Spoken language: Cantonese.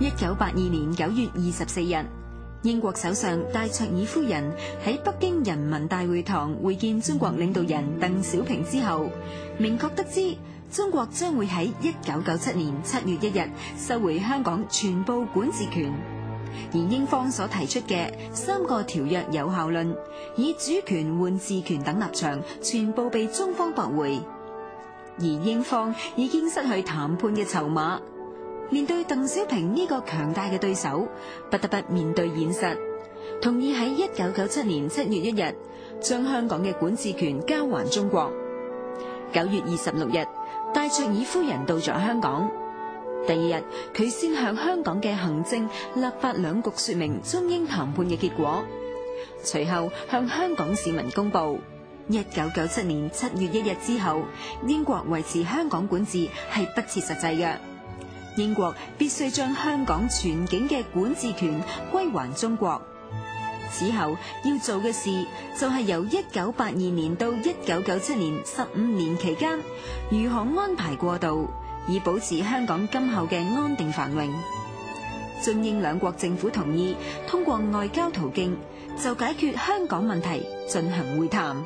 一九八二年九月二十四日，英國首相戴卓爾夫人喺北京人民大會堂會見中國領導人鄧小平之後，明確得知中國將會喺一九九七年七月一日收回香港全部管治權，而英方所提出嘅三個條約有效論、以主權換治權等立場，全部被中方駁回，而英方已經失去談判嘅籌碼。面對鄧小平呢個強大嘅對手，不得不面對現實，同意喺一九九七年七月一日將香港嘅管治權交還中國。九月二十六日，戴卓爾夫人到咗香港，第二日佢先向香港嘅行政立法兩局說明中英談判嘅結果，隨後向香港市民公布一九九七年七月一日之後，英國維持香港管治係不切實際嘅。英國必須將香港全境嘅管治權歸還中國。此後要做嘅事就係由一九八二年到一九九七年十五年期間，如何安排過渡，以保持香港今後嘅安定繁榮。中英兩國政府同意通過外交途徑，就解決香港問題進行會談。